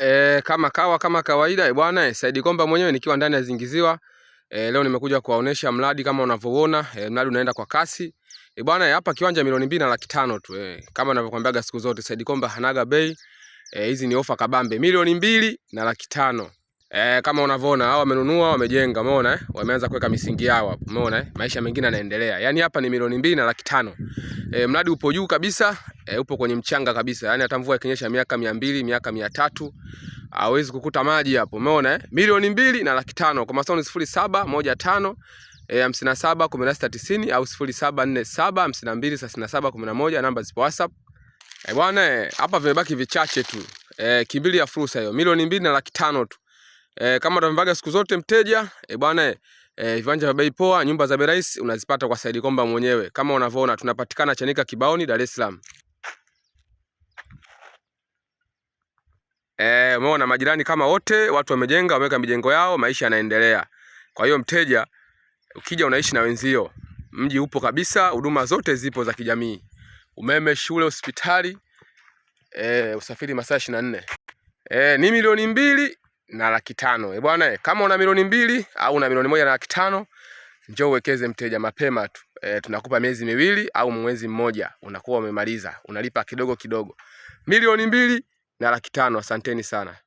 E, kama kawa kama kawaida eh, bwana e, Saidi Komba mwenyewe nikiwa ndani ya Zingiziwa. E, leo nimekuja kuwaonesha mradi kama unavyoona, e, mradi unaenda kwa kasi. E, bwana hapa kiwanja milioni mbili na laki tano tu. E, kama ninavyokuambiaga siku zote Saidi Komba hanaga bei. E, hizi ni ofa kabambe milioni mbili na laki tano. E, kama unavyoona hao wamenunua, wamejenga, umeona eh? Wameanza kuweka misingi yao hapo, umeona eh? Maisha mengine yanaendelea. Yaani hapa ni milioni mbili na laki tano. E, mradi upo juu kabisa, e, upo kwenye mchanga kabisa. Yaani hata mvua ikinyesha miaka mia mbili, miaka mia tatu hawezi kukuta maji hapo, umeona eh? Milioni mbili na laki tano kwa masauni sifuri saba moja tano hamsini na saba kumi na sita tisini au sifuri saba nne saba hamsini na mbili thelathini na saba kumi na moja namba zipo WhatsApp. Eh, bwana hapa vimebaki vichache tu. Eh, kimbili ya fursa hiyo milioni mbili na laki tano tu. E, kama tunavyovaga siku zote mteja e, bwana e, viwanja vya bei poa, nyumba za bei rahisi unazipata kwa Saidi Komba mwenyewe. Kama unavyoona tunapatikana Chanika Kibaoni, Dar es Salaam. Eh, umeona majirani kama wote watu wamejenga, wameweka mijengo yao, maisha yanaendelea. Kwa hiyo mteja, ukija unaishi na wenzio. Mji upo kabisa, huduma zote zipo za kijamii, umeme, shule, hospitali, e, usafiri masaa 24. Eh, ni milioni mbili na laki tano. E bwana, kama una milioni mbili au una milioni moja na laki tano njoo uwekeze mteja mapema tu. E, tunakupa miezi miwili au mwezi mmoja unakuwa umemaliza, unalipa kidogo kidogo, milioni mbili na laki tano. Asanteni sana.